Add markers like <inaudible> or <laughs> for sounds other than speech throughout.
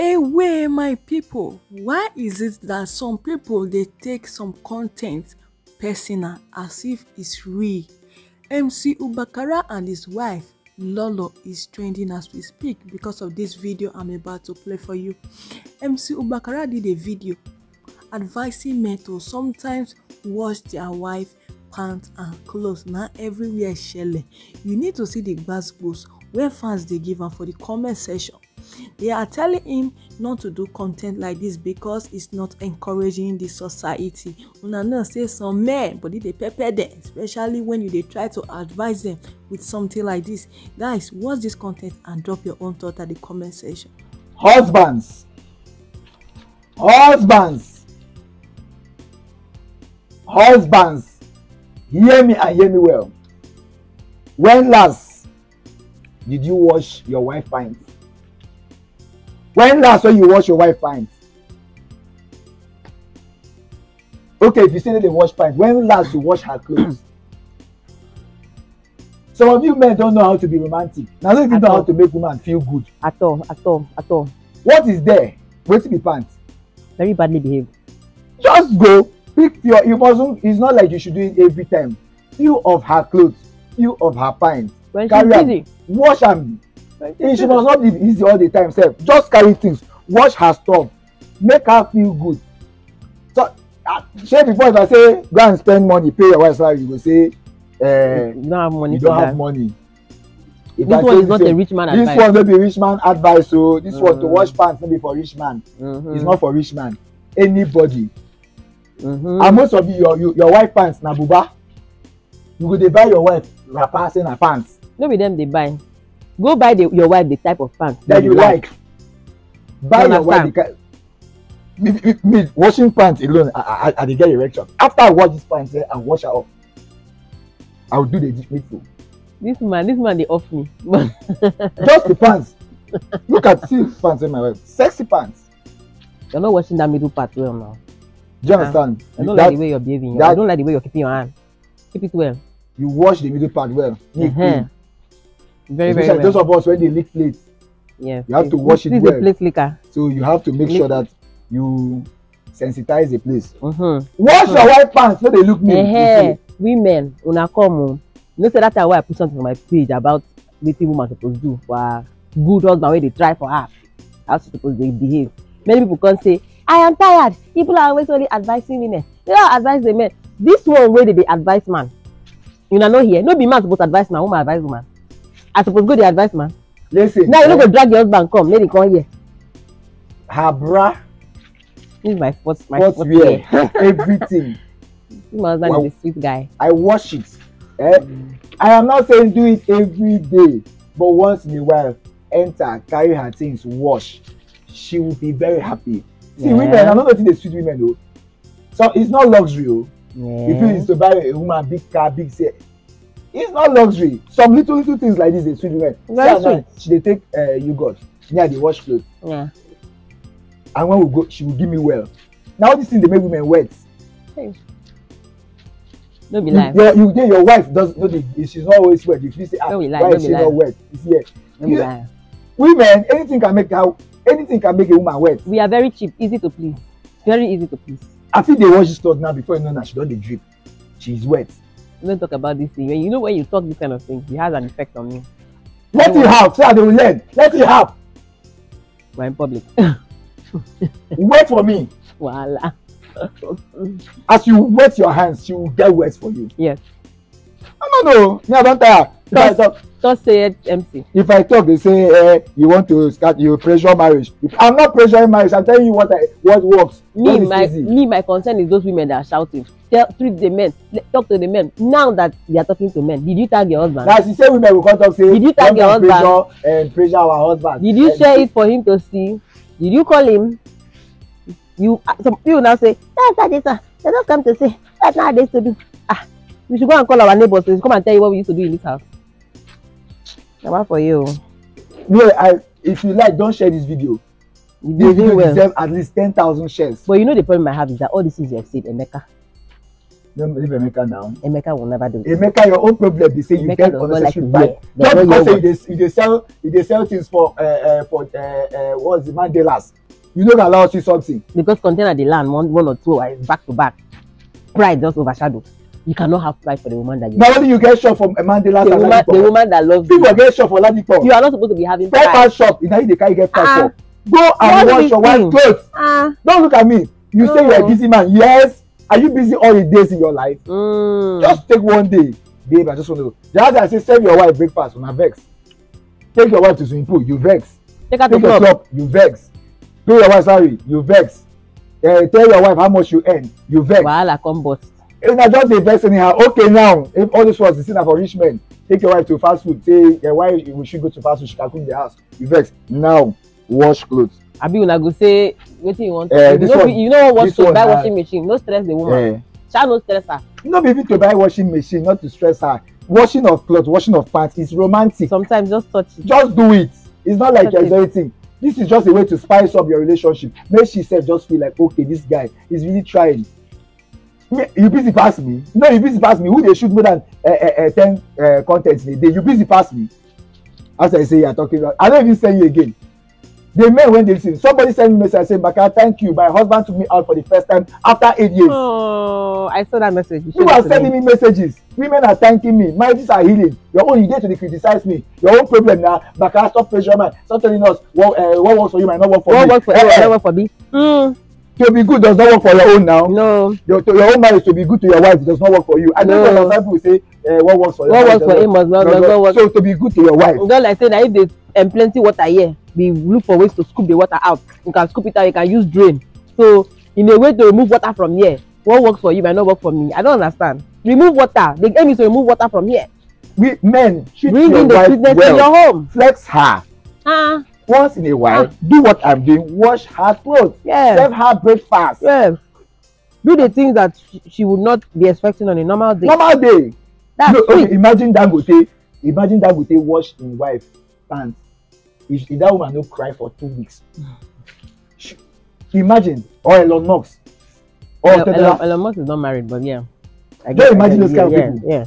away my people why is it that some people dey take some con ten t personal as if it's real mc ubakara and his wife lolo is trending as we speak because of this video i'm about to play for you mc ubakara did a video advising men to sometimes wash their wife pants and clothes na everywhere shele you need to see the gbas gbos wey fans dey give am for the comment section They are telling him not to do content like this because it's not encouraging the society. Una know say some men body dey pepper them, especially when you dey try to advise them with something like this. Guys, watch this content and drop your own thought at the comment section. Husbands, husbands, husbands, hear me and hear me well. When last did you wash your wife pint? When last when you wash your wife pants? Okay, if you say that, they wash pants, when last you wash her clothes? <clears throat> Some of you men don't know how to be romantic. Now don't even know all. how to make woman feel good. At all, at all, at all. What is there? Wait to be pants. Very badly behaved. Just go pick your. You not It's not like you should do it every time. Few of her clothes, few of her pants. When she's busy. Wash and she must not be easy all the time sef just carry things wash her stuff make her feel good so uh, shey before if i say go and spend money pay your wife salary you go say uh, you don't have money you don't have money if this I one is not say, a rich man this advice this one no be rich man advice o oh. so this mm. one to mm. wash pants no be for rich man mm -hmm. it's not for rich man anybody mm -hmm. and most of you your you, your wife pants na buba you go dey buy your wife wrapper say na pants no be them dey buy go buy the, your wife the type of pants that, you like. buy your wife the kind me me me washing pants alone i i i dey get erection after i wash this pants eh i wash am off i will do the needful. this man this man dey off me. <laughs> just the pants look at see pants wey my wife sexy pants. you're not washing that middle part well now. do you understand. Ah, i don't like the way you're behaving that, i don't like the way you're keeping your hand keep it well. you wash the middle part well. Mm -hmm very very well those of us when they lick plates Yeah, you have to wash it well plate liquor. so you have to make sure that you sensitize the place mm-hmm. wash your white pants no dey look me uh-huh. women una come o you know say that time wey i put something on my page about wetin woman suppose do for her good husband wey dey try for her how she suppose dey behave many people come say i am tired people are always only advising women they don advise the men this one wey dey dey advise man una no hear no be man suppose advise man woman advise woman i suppose go dey advice, ma. listen now you no eh? go drag your husband come make he come here. her bra. this is my first my first, year. year <laughs> everything. my husband well, is a sweet guy. i wash it. Eh? Mm. i am not saying do it every day but once in a while enter carry her things wash she will be very happy. see yeah. women i no know say dey sweet women o so it's not luxury o. Yeah. you feel to buy a woman big car big say it's not luxury some little little things like this dey sweet women very sweet she dey take uh, yogurt near the dey wash cloth yeah. and when we go she go give me well na all these things dey make women wet. Hey. no be lie. your you dey your wife does no dey she's not always wet you feel say ah why is she lie. not wet this year. no be women anything can make how anything can make a woman wet. we are very cheap easy to please very easy to please. i fit dey wash this cloth now before you know na she don dey drip she is wet. don't talk about this thing. you know when you talk this kind of thing, it has an effect on me. Let it have. Say I will learn. Let it have. We're in public. <laughs> wait for me. Voila. As you wet your hands, she will get wet for you. Yes. I don't know. Me, I don't tire if just say it mc. if i talk they say eh you want to start you pressure marriage if i'm not pressuring marriage i'm telling you what i what works. me what my me my concern is those women that are shouting tell treat the men talk to the men now that they are talking to men did you tag your husband. Now she said, women go come talk say did you tag your husband pressure um, pressure our husband. did you um, share it for him to see did you call him you ah, some people now say that's how they talk they just come to say that's how they used to do ah we should go and call our neighbors to come and tell you what we used to do in this house na one for you no i if you like don share this video you dey do well deserve at least ten thousand shares. but you know the problem i have is that all this things you have said emeka. don't believe emeka now. emeka will never do that. emeka your own problem be say you get unnecessary like buy not because say you dey sell you dey sell things for uh, uh, for uh, uh, what's the mandelas you no go allow us see something. because container dey land one one or two hours back to back pride just overshadow you cannot have pride for the woman that you. Now, why you get shot from Mandela the woman, Ladipo? The woman that loves People you. People get shot for Ladipo. You are not supposed to be having pride. Pride shop. Now they can't get pride uh, ah. shop. Go and wash your white clothes. Uh, Don't look at me. You no. say you're a busy man. Yes. Are you busy all the days in your life? Mm. Just take one day. Babe, I just want to. The other I say, serve your wife breakfast on a vex. Take your wife to swimming pool. You vex. Take her to club. club. You vex. Pay your wife salary. You vex. Uh, tell your wife how much you earn. You vex. Wahala come bust if na just dey vex anyhow okay now if all this was the thing na for rich men take your wife to fast food say your wife we should go to fast food she can cook the house you vex now wash cloth. abi una go say wetin you wan talk uh, eh, you no be you no wan watch to buy washing machine no stress the woman eh. sha no stress her. no be even to buy washing machine not to stress her washing of cloth washing of pants is romantic. sometimes just touch it. just do it it's not like you're doing anything. this is just a way to spice up your relationship make she sef just feel like okay this guy is really trying you busy pass me no you busy pass me who dey shoot more than uh, uh, uh, ten uh, contents in a day you busy pass me as i say you are talking about i no even send you again the men wey dey lis somebody send me message say mbaka thank you my husband took me out for the first time after eight years. oh i saw that message. you are sending me. messages women are thanking me marriages are healing your own you dey to dey criticize me your own problem na mbaka stop pressure man stop telling us what, uh, what works for you might not work for me. what work for you might not work for me. Mm to be good does not work for your own now. No. Your, your own marriage to be good to your wife does not work for you. I no. think sometimes people say uh, what works for what wife. What works for him must not, does not work. So to be good to your wife. Just like say na if they um, plenty water here, we look for ways to scoop the water out. You can scoop it out, you can use drain. So in a way to remove water from here, what works for you might not work for me. I don't understand. Remove water. The aim is to remove water from here. We men treat Bring your the wife well. in your home. Flex her. Ah. Uh -huh. once in a while, ah. do what I'm doing, wash her clothes, yes. serve her breakfast. Yes. Do the things that she would not be expecting on a normal day. Normal day. That's no, okay, imagine Dangote, imagine Dangote wash his wife pants. If, that woman no cry for two weeks. imagine, or Elon Musk. Or Elon, Elon Musk is not married, but yeah. I guess, Don't imagine I guess, those kind yeah, of people. Yeah. yeah.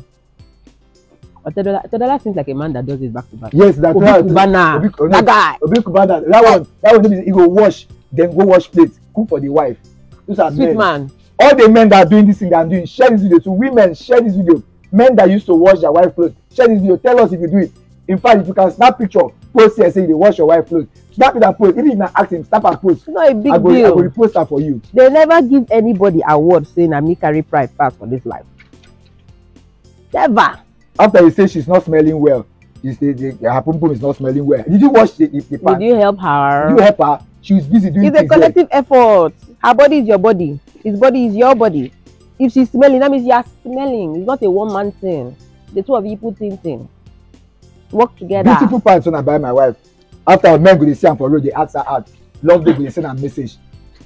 Otedola Otedola seems like a man that does it back to back. Yes, that's Obi right. Kubana. Obi, oh, that guy. Obi Kubana. That one. That one. He go wash, then go wash plate, cook for the wife. Those are Sweet men. man. All the men that are doing this thing, that I'm doing, share this video to women. Share this video. Men that used to wash their wife clothes, share this video. Tell us if you do it. In fact, if you can snap picture, post here say you wash your wife clothes snap it and post even if na ask him snap and post. Not a big I go, deal i will repost that for you. they never give anybody award saying na me carry pride pass for this life never after he say she's not smelling well he say the her pum pum is not smelling well did you wash the the, the pan did you help her did you help her she was busy doing it's things it's a collective there. effort her body is your body his body is your body if she's smelling that means you are smelling it's not a one man thing the two of you put in thing work together beautiful pants when i buy my wife after men go dey see am for road dey ask her out love day go dey send am message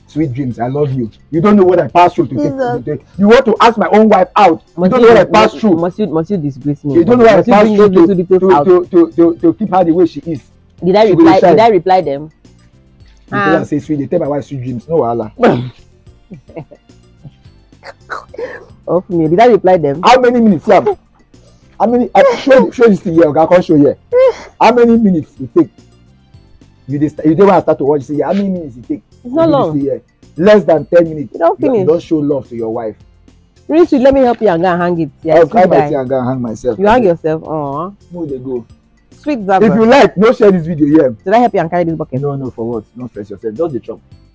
sweet dreams i love you you don't know what i pass through to take to take you want to ask my own wife out must you don't know what i pass through must you must you disgrace me you don't know what must i pass through to to to, to to to keep her the way she is did i she reply did i reply them you tell am say sweet dey tell my wife sweet dreams no wahala. <laughs> off oh, me did i reply them. how many minutes slam how many i show show this thing here oga come show here how many minutes e take you dey you dey wan start to watch say how many minutes e take it's not long yeah. less than ten minutes you don finish don show love to your wife. really sweet let me help you and go and hang it. Yeah, i'll climb my thing and go and hang myself. you hang yourself oh? mo they go. sweet zabra. if you like no share this video here. Yeah. should i help you and carry this bucket. no no for what Don't stress yourself Don't dey chop.